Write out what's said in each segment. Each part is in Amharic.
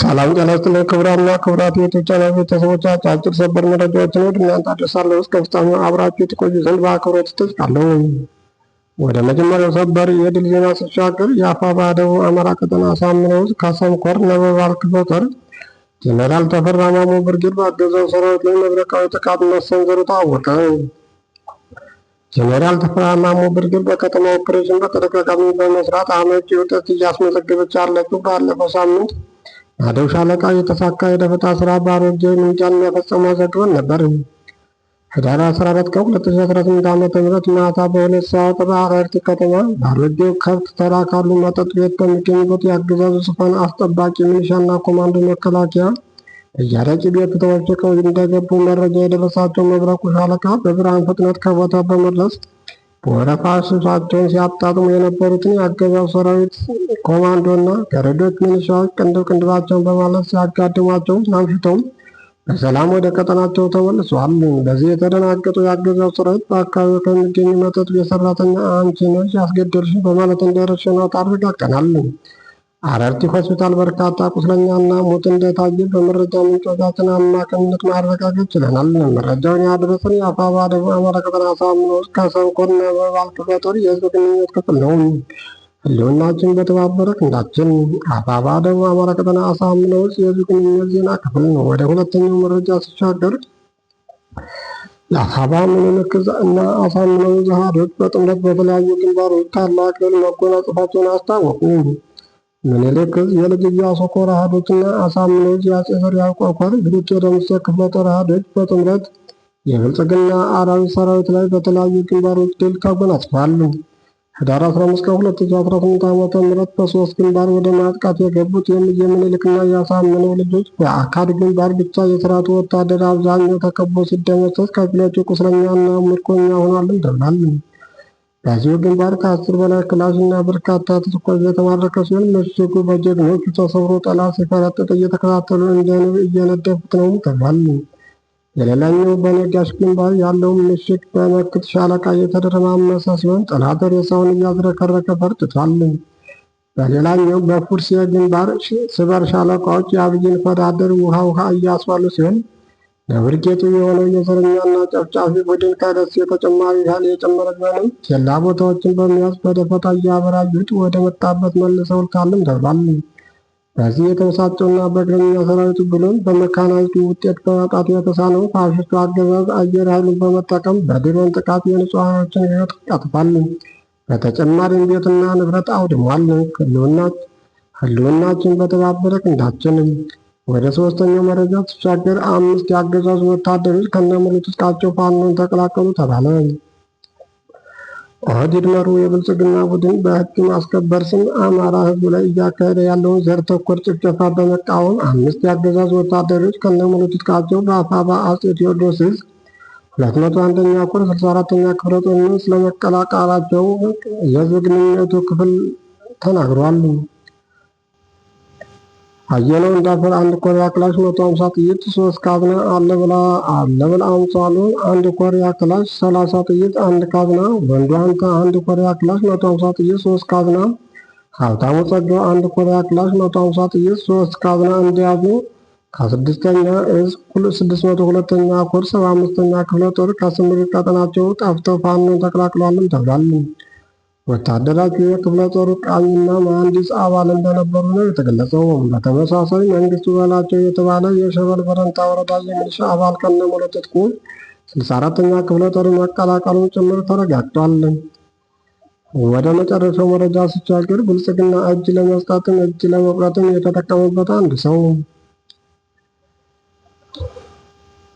ሰላም ጤና ይስጥልኝ ክቡራንና ክቡራት የቻናል ቤተሰቦች፣ አጫጭር ሰበር መረጃዎችን ወደ እናንተ አደርሳለሁ። እስከ ፍጻሜው አብራችሁ ትቆዩ ዘንድ በአክብሮት እጠይቃለሁ። ወደ መጀመሪያው ሰበር የድል ዜና ስሻገር የአፋባ ደቡብ አማራ ቀጠና ሳምነው ውስጥ ካሰም ኮር ነበልባል ክፍለ ጦር ጀኔራል ተፈራ ማሞ ብርጌድ በአገዛዙ ሰራዊት ላይ መብረቃዊ ጥቃት መሰንዘሩ ታወቀ። ጀኔራል ተፈራ ማሞ ብርጌድ በከተማ ኦፕሬሽን በተደጋጋሚ በመስራት አመቺ ውጤት እያስመዘገበች ያለችው ባለፈው ሳምንት አደው ሻለቃ የተሳካ የደፈጣ ስራ በአሮጌ ምንጃን መፈጸሙ ዘግበን ነበር። ህዳር 14 ቀን 2018 ዓ.ም ማታ በሁለት ሰዓት በአረርቲ ከተማ በአሮጌው ከብት ተራ ካሉ መጠጥ ቤት በሚገኙበት የአገዛዙ ዙፋን አስጠባቂ ሚሊሻና ኮማንዶ መከላከያ እያረቂ ቤት ተወርጭቀው እንደገቡ መረጃ የደረሳቸው መብረቁ ሻለቃ በብርሃን ፍጥነት ከቦታ በመድረስ በወረፋ ስልታቸውን ሲያጣጥሙ የነበሩትን የአገዛዙ ሰራዊት ኮማንዶና ገረዶች ሚኒሻዎች ቅንድብ ቅንድባቸውን በማለት ሲያጋድሟቸው አምሽተውም በሰላም ወደ ቀጠናቸው ተመልሰዋል። በዚህ የተደናገጡ የአገዛዙ ሰራዊት በአካባቢው ከሚገኙ መጠጥ ቤት ሰራተኛ አንቺ ነሽ ያስገደልሽን በማለት እንደረሸኗት አረጋግጠናል። አረርቲ ሆስፒታል በርካታ ቁስለኛና ሞት እንደታየ በመረጃ ምንጮቻችን አማካኝነት ማረጋገጥ ችለናል። መረጃውን ያደረሰን የአፋባ ደቡብ አማራ ቀጠና ሳምኖ ውስጥ ከሰንኮና በባል ክፍለ ጦር የህዝብ ግንኙነት ክፍል ነው። ህልውናችን በተባበረ ክንዳችን። አፋባ ደቡብ አማራ ቀጠና ሳምኖ ውስጥ የህዝብ ግንኙነት ዜና ክፍል ነው። ወደ ሁለተኛው መረጃ ሲሻገር የአፋባ ምኒልክ እና አሳምነው ዘሃዶች በጥምረት በተለያዩ ግንባሮች ታላቅ ድል መጎናጸፋቸውን አስታወቁ። ምኒልክ የልጅ ኢያሱ ኮር አሃዶችና አሳምነው የአፄ ዘርዓ ኮር ግሪክ የደምሴ ክፍለ ጦር አሃዶች በጥምረት የብልጽግና አራዊት ሰራዊት ላይ በተለያዩ ግንባሮች ድል ካጎናጽፋሉ። ህዳር 15 ቀን 2018 ዓ.ም በሶስት ግንባር ወደ ማጥቃት የገቡት የምኒልክና የአሳምነው ልጆች በአካድ ግንባር ብቻ የስርዓቱ ወታደር አብዛኛው ተከቦ ሲደመሰስ፣ ከፊሎቹ ቁስለኛና ምርኮኛ ሆኗልን ተብላለን። በዚህ ግንባር ከአስር በላይ ክላሽ እና በርካታ ተተኳሽ የተማረከ ሲሆን ምሽጉ በጀግኖቹ ተሰብሮ ጠላት ሲፈረጥጥ እየተከታተሉ እየነደፉት ነው ተባሉ። የሌላኛው በነጋሽ ግንባር ያለውን ምሽግ በመክት ሻለቃ እየተደረማመሰ ሲሆን ጠላት ሬሳውን እያዝረከረከ ፈርጥቷል። በሌላኛው በፉርሲየ ግንባር ስበር ሻለቃዎች የአብይን ፈዳደር ውሃ ውሃ እያስዋሉ ሲሆን ለብርጌቱ የሆነው የእስረኛና ጨፍጫፊ ቡድን ከደሴ ተጨማሪ ኃይል የጨመረ ቢሆንም ኬላ ቦታዎችን በመያዝ በደፈጣ እያበራዩት ወደ መጣበት መልሰው ልካልም ተብሏል። በዚህ የተበሳጨውና በእግረኛ ሰራዊቱ ብሎም በመካናይቱ ውጤት በማጣት የተሳነው ፋሽስቱ አገዛዝ አየር ኃይሉን በመጠቀም በድሮን ጥቃት የንጹሐኖችን ሕይወት ቀጥፏል። በተጨማሪም ቤትና ንብረት አውድሟል። ህልውናችን በተባበረ ክንዳችን ወደ ሶስተኛው መረጃ ሲሻገር አምስት የአገዛዙ ወታደሮች ከነሙሉ ትጥቃቸው ፋኖን ተቀላቀሉ ተባለ። ኦህዴድ መሩ የብልጽግና ቡድን በህግ ማስከበር ስም አማራ ህዝብ ላይ እያካሄደ ያለውን ዘር ተኮር ጭፍጨፋ በመቃወም አምስት የአገዛዙ ወታደሮች ከነሙሉ ትጥቃቸው በአፋባ አጼ ቴዎድሮስ ዕዝ ሁለት ኛ አንደኛ ኮር 64 አራተኛ ክፍለ ጦርን ስለመቀላቀላቸው የህዝብ ግንኙነቱ ክፍል ተናግሯል። አየለው እንዳፈር አንድ ኮሪያ ክላሽ መቶ ሀምሳ ጥይት ሶስት ካዝና አለብላ አለብላ አምጻሉ አንድ ኮሪያ ክላሽ 30 ጥይት አንድ ካዝና ወንዱ አንተ አንድ ኮሪያ ክላሽ መቶ ሀምሳ ጥይት ሶስት ካዝና ሀብታሙ ጸጋው አንድ ኮሪያ ክላሽ መቶ ሀምሳ ጥይት ሶስት ካዝና እንዲያዙ ከስድስተኛ እዝ ስድስት መቶ ሁለተኛ ኮር አምስተኛ ክፍለ ጦር ከስምሪት ቀጠናቸው ጠፍተው ፋኖን ተቀላቅለዋልም ተብሏል። ወታደራቸው የክፍለ ጦር ቃኝና መሐንዲስ አባል እንደነበሩ ነው የተገለጸው። በተመሳሳይ መንግስቱ በላቸው የተባለ የሸበል በረንታ ወረዳ የሚሊሻ አባል ከነሙሉ ትጥቁ 64ኛ ክፍለ ጦር መቀላቀሉን ጭምር ተረጋግጧል። ወደ መጨረሻው መረጃ ሲቻገር ብልጽግና እጅ ለመስጠትም እጅ ለመቁረጥም የተጠቀመበት አንድ ሰው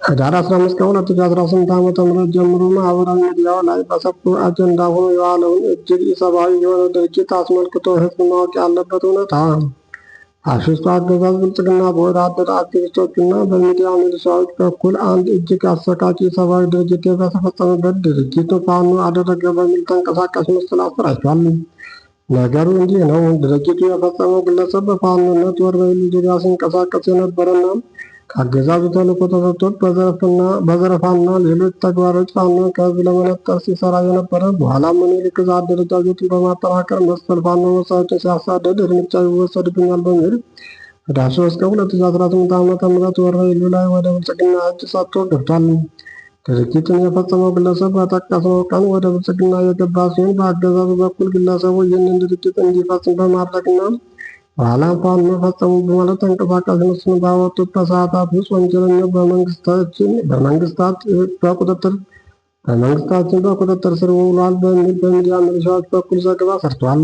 ህዳር 15 ቀን 2018 ዓመተ ምህረት ጀምሮ ማህበራዊ ሚዲያ ላይ በሰፊ አጀንዳ ሆኖ የዋለውን እጅግ ኢሰብአዊ የሆነ ድርጅት አስመልክቶ ህዝብ ማወቅ ያለበት እውነታ ፋሽስቱ አገዛዝ ብልጽግና በወዳደር አክቲቪስቶችና በሚዲያ ሚሊሻዎች በኩል አንድ እጅግ አሰቃቂ ኢሰብአዊ ድርጅት በተፈጸመበት ድርጊቱ ፋኖ አደረገ በሚል ተንቀሳቃሽ ምስል አሰራጭቷል። ነገሩ እንዲህ ነው። ድርጅቱ የፈጸመው ግለሰብ በፋኖነት ወር በሚል ዙሪያ ሲንቀሳቀስ የነበረና ከአገዛዙ ተልዕኮ ተሰጥቶት በዘረፋና ሌሎች ተግባሮች ፋኖ ከህዝብ ለመነጠር ሲሰራ የነበረ በኋላ ምኒልክ አደረጃጀቱን በማጠናከር መሰል ፋኖ መሳዮችን ሲያሳደድ እርምጃ ይወሰድብኛል በሚል ህዳር 3 ቀን 2018 ዓ.ም ወረኢሉ ላይ ወደ ብልጽግና እጅ ሰጥቶ ገብቷል። ድርጊቱን የፈጸመው ግለሰብ በጠቀስነው ቀን ወደ ብልጽግና የገባ ሲሆን በአገዛዙ በኩል ግለሰቡ ይህንን ድርጊት እንዲፈጽም በማድረግና በኋላ በዓላቷን ፈጸሙ በማለት ተንቀሳቃሽ ምስል ባወጡት በሰዓታት ውስጥ ወንጀለኛው በመንግስታችን በቁጥጥር ስር ውሏል በሚል በሚዲያ ምልሻዎች በኩል ዘገባ ሰርቷል።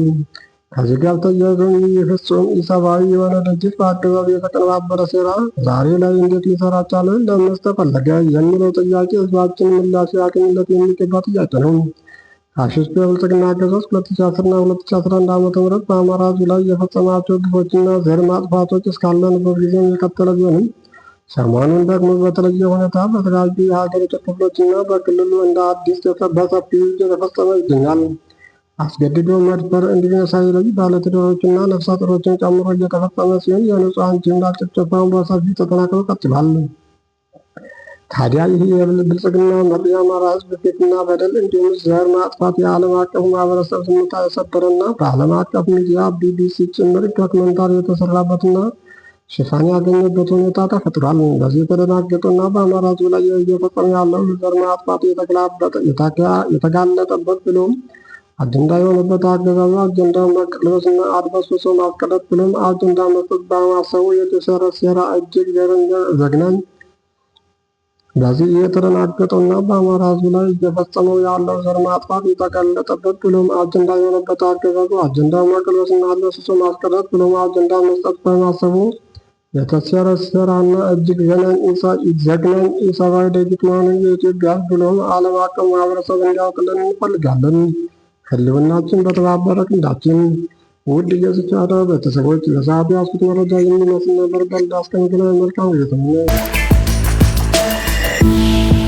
ከዚህ ጋር ተያይዞ ይህ ፍጹም ኢሰብአዊ የሆነ ድርጅት በአገባቢ የተቀነባበረ ሴራ ዛሬ ላይ እንዴት ሊሰራ ቻለ? ለምንስ ተፈለገ? የሚለው ጥያቄ ህዝባችን ምላሽ ያገኝለት የሚገባ ጥያቄ ነው። አብሽቱ የብልጽግና አገዛዝ 2010 እና 2011 ም በአማራ ሕዝብ ላይ የፈጸማቸው ግፎችና ዘር ማጥፋቶች እስካለንበት ጊዜም የቀጠለ ቢሆንም ሰሞኑን ደግሞ በተለየ ሁኔታ በተለያዩ የሀገሪቱ ክፍሎችና በክልሉ እንደ አዲስ በሰፊው እየተፈጸመ ይገኛል። አስገድዶ መድፈር፣ ዕድሜ ሳይለይ ባለትዳሮችና ነፍሰ ጡሮችን ጨምሮ እየተፈጸመ ሲሆን የንጹሐን ጅምላ ጭፍጨፋው በሰፊ ተጠናክሮ ቀጥሏል። ታዲያ ይህ የብልጽግና መሪ የአማራ ሕዝብ ፊትና በደል እንዲሁም ዘር ማጥፋት የዓለም አቀፍ ማህበረሰብ ስሜታ የሰበረና በዓለም አቀፍ ሚዲያ ቢቢሲ ጭምር ዶክመንታሪ የተሰራበትና ሽፋን ያገኘበት ሁኔታ ተፈጥሯል። በዚህ የተደናገጠና በአማራ ሕዝብ ላይ እየፈጸመ ያለው ዘር ማጥፋት የተጋለጠበት ብሎም አጀንዳ የሆነበት አገዛዙ አጀንዳ መቀልበስና አድበስብሶ ማስቀረት ብሎም አጀንዳ መስጠት በማሰቡ የተሰራ እጅግ እጅግ ዘግናኝ በዚህ የተደናገጠውና በአማራ ህዝብ ላይ እየፈጸመው ያለው ዘር ማጥፋት የተቀለጠበት ብሎም አጀንዳ የሆነበት አገዛዙ አጀንዳ መቀልበስና ለስሶ ማስቀረት ብሎም አጀንዳ መስጠት በማሰቡ የተሰረሰራና እጅግ ዘግናኝ ዘግናኝ ኢሰብአዊ ድርጊት መሆኑን የኢትዮጵያ ሕዝብ ብሎም ዓለም አቀፍ ማህበረሰብ እንዲያውቅልን እንፈልጋለን። ሕልውናችን በተባበረ ክንዳችን። ውድ የዝቻዳ ቤተሰቦች ለሰዓቱ ያስኩት መረጃ የሚመስል ነበር። በሌላ መልካም ጊዜ it.